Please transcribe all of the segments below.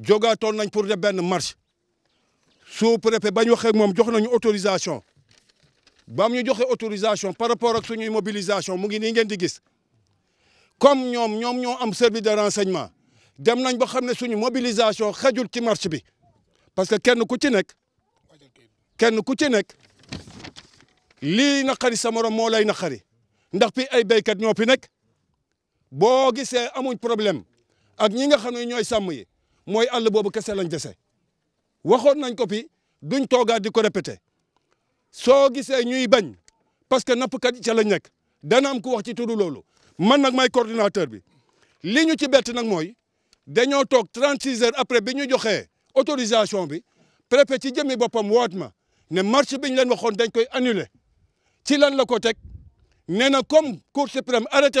jogaatoon nañ pour de ben marche sous-préfet ba waxe ak mom jox nañu autorisation ba ñu joxe autorisation par rapport ak suñu mobilisation mu ngi nii ngeen di gis comme ñom ñom ñoo am service de renseignement dem nañ ba xam suñu mobilisation xajul ci marche bi parce que kenn ku ci nek kenn ku ci nekk lii naqari sa morom mo lay naqari ndax fi ay baykat ñoo fi nekk boo gisee amuñ problème ak ñi nga xam ñoy ñooy yi moy àll bobu kessé lañ dese waxon nañ ko fi duñ toga di ko répéter. soo ñuy bañ parce que nap kat ci lañ da na am ko wax ci tudu lolu man may coordinateur bi liñu ci 36 heures après biñu joxé autorisation bi préfet ci bopam wotma né ne marche leen waxon dañ koy ci lan la ko comme cour suprême arrêté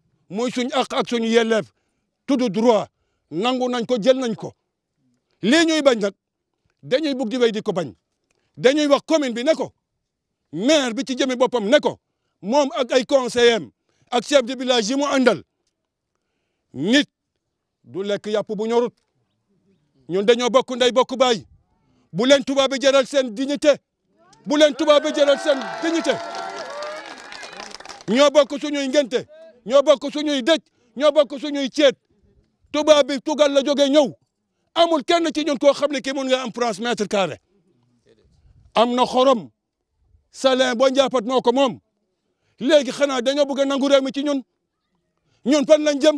mooy suñu àq ak suñu yelleef tudd droit nangu nañ ko jël nañ ko lii ñuy bañ nag dañuy bugg di wéy di ko bañ dañuy wax commune bi ne ko maire bi ci jëmi boppam ne ko moom ak ay conseillers ak chef de village yi mu àndal nit du lekk yàpp bu ñorut ñun dañoo bokk ndey bokk baay bu leen tubaab bi jëral seen dignité bu leen tubaab bi jëral seen dignité ñoo bokk suñuy ngente ñoo bokk suñuy dëj ñoo bokk suñuy ceet tubaab bi tugal la jógee ñëw amul kenn ci ñun koo xam ne kii mun nga am France mètre carré am na xorom salin boo njaapat moo ko moom léegi xanaa dañoo bëgg a nangu réew mi ci ñun ñun fan lañ jëm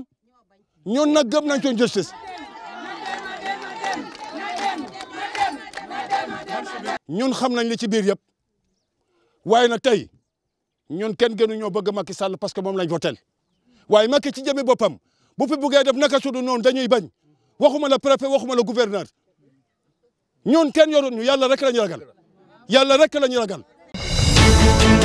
ñun nag gëm nañ suñ justice ñun xam nañ li ci biir yëpp waaye nag tey ñun kenn gënu ñoo bëgg ki sal parce que moom lañ votel waaye Macky ci jëmi boppam bu fi buggee def naka sudu noonu dañuy bañ waxuma la préfet waxuma la gouverneur ñoon kenn yorut ñu yàlla rek la ñu ragal yàlla rek la ñu ragal